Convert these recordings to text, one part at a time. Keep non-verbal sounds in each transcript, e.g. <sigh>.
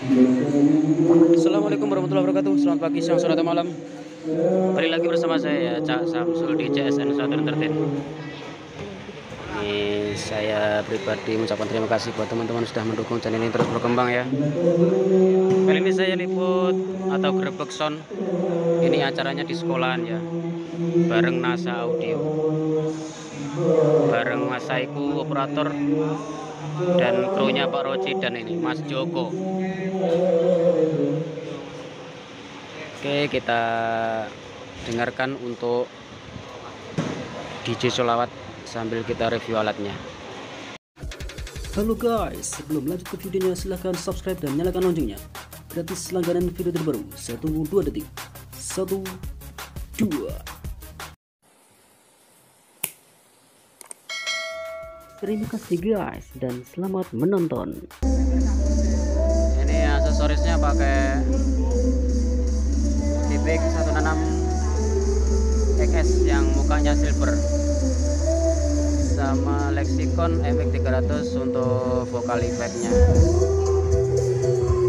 Assalamualaikum warahmatullahi wabarakatuh Selamat pagi, siang, sore, malam Kembali lagi bersama saya Cak Samsul di CSN Southern Entertain Ini saya pribadi mengucapkan terima kasih buat teman-teman sudah mendukung channel ini terus berkembang ya Kali ini saya liput atau grebek sound Ini acaranya di sekolahan ya Bareng NASA Audio Bareng Mas Saiku operator dan krunya Pak Roci dan ini Mas Joko oke kita dengarkan untuk DJ Solawat sambil kita review alatnya Halo guys, sebelum lanjut ke videonya silahkan subscribe dan nyalakan loncengnya gratis langganan video terbaru saya tunggu 2 detik 1 2 Terima kasih guys dan selamat menonton. Ini aksesorisnya pakai Civic 16 XS yang mukanya silver sama Lexicon MX 300 untuk vokal efeknya.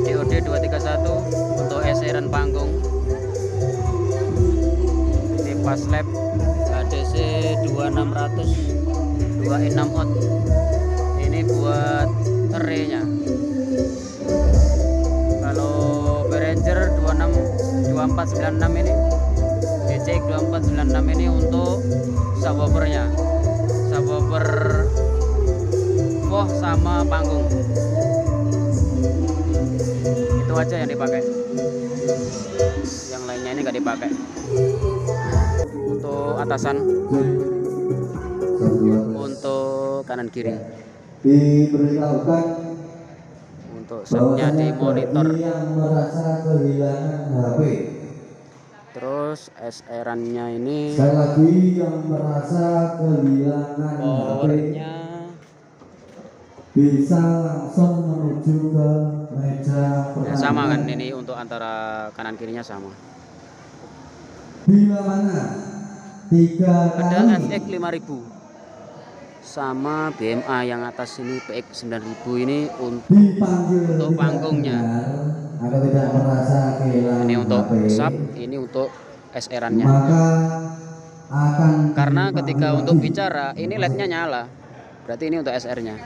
DOD 231 untuk eseran panggung. Ini pas lab ADC 2600 dua 6 out ini buat kalau dua enam kalau empat 26 enam ini DC enam ini untuk subwoofernya subwoofer Voh sama panggung itu aja yang dipakai yang lainnya ini nggak dipakai untuk atasan atau kanan kiri diberitahukan untuk setnya di monitor yang merasa kehilangan HP terus SR-nya ini saya lagi yang merasa kehilangan powernya bisa langsung menuju ke meja pertandingan. Ya, sama kan ini untuk antara kanan kirinya sama bila mana tiga kali ada SX 5000 sama BMA yang atas ini PX 9000 ini untuk, Dipanggil untuk panggungnya ini untuk sub ini untuk sr nya karena ketika untuk bicara ini LED-nya nyala berarti ini untuk SR-nya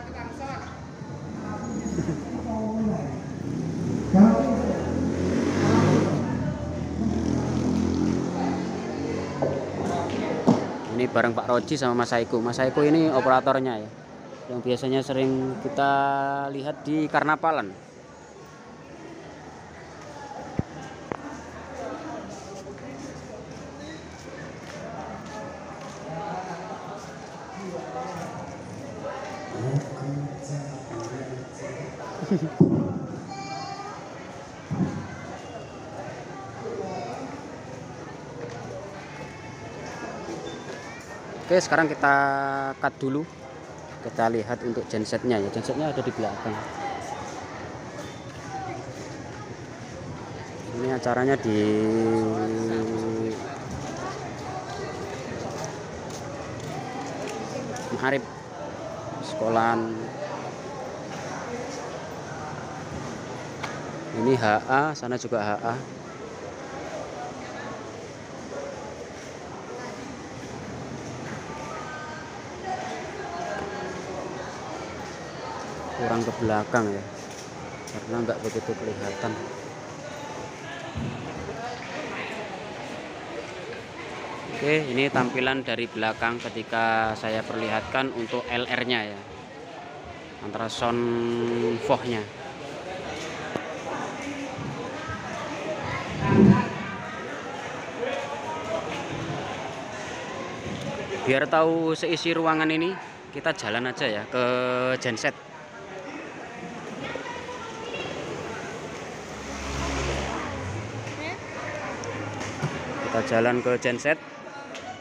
ini bareng Pak Roji sama Mas Saiku Mas Saiku ini operatornya ya yang biasanya sering kita lihat di Karnapalan Thank <laughs> you. Oke sekarang kita cut dulu kita lihat untuk gensetnya ya gensetnya ada di belakang ini acaranya di Maharib sekolahan ini HA sana juga HA kurang ke belakang ya karena nggak begitu kelihatan oke ini tampilan dari belakang ketika saya perlihatkan untuk LR nya ya antara sound voh nya biar tahu seisi ruangan ini kita jalan aja ya ke genset jalan ke genset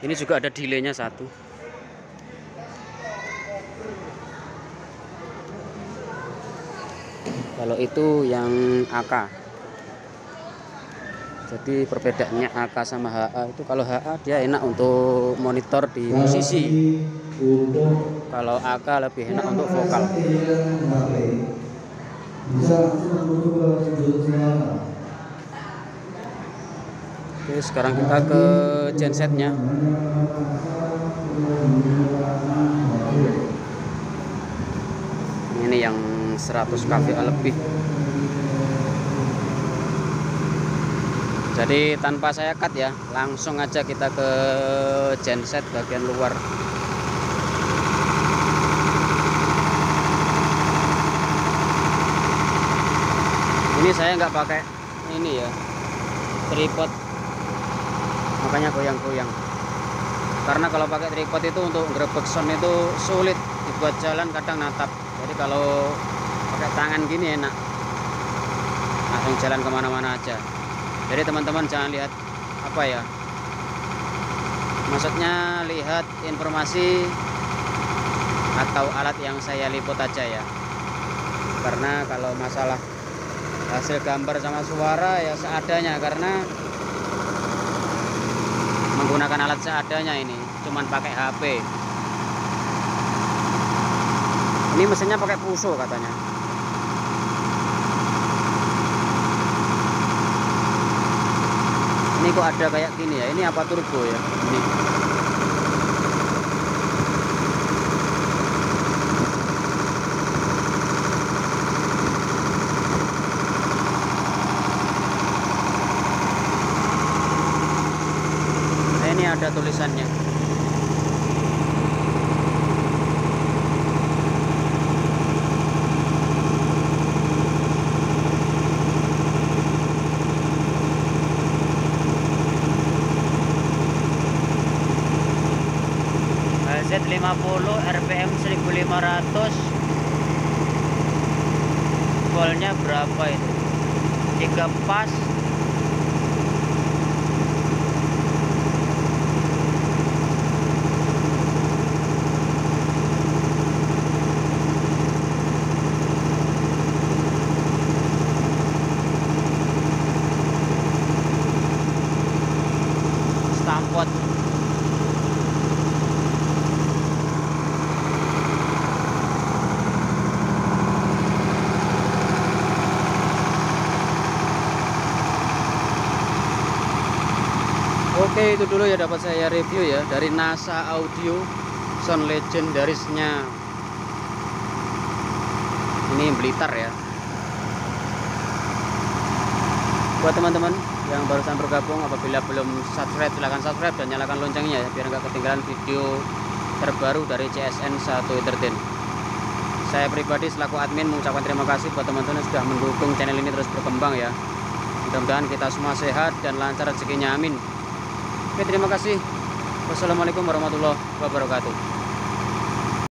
ini juga ada delaynya satu kalau itu yang AK jadi perbedaannya AK sama HA itu kalau HA dia enak untuk monitor di musisi kalau AK lebih enak untuk vokal bisa langsung ke Oke, sekarang kita ke gensetnya. Ini yang 100 kVA lebih. Jadi tanpa saya cut ya, langsung aja kita ke genset bagian luar. Ini saya nggak pakai ini ya tripod makanya goyang-goyang karena kalau pakai tripod itu untuk grebek sound itu sulit dibuat jalan kadang natap jadi kalau pakai tangan gini enak langsung nah, jalan kemana-mana aja jadi teman-teman jangan lihat apa ya maksudnya lihat informasi atau alat yang saya liput aja ya karena kalau masalah hasil gambar sama suara ya seadanya karena menggunakan alat seadanya ini cuman pakai HP ini mesinnya pakai puso katanya ini kok ada kayak gini ya ini apa turbo ya ini tulisannya Z50 RPM 1500 volnya berapa itu 3 pas Oke itu dulu ya dapat saya review ya dari NASA Audio sound legendarisnya ini Blitar ya buat teman-teman yang barusan bergabung apabila belum subscribe silahkan subscribe dan nyalakan loncengnya ya biar nggak ketinggalan video terbaru dari CSN 1 Entertain saya pribadi selaku admin mengucapkan terima kasih buat teman-teman yang sudah mendukung channel ini terus berkembang ya mudah-mudahan kita semua sehat dan lancar rezekinya amin Oke, terima kasih. Wassalamualaikum warahmatullahi wabarakatuh.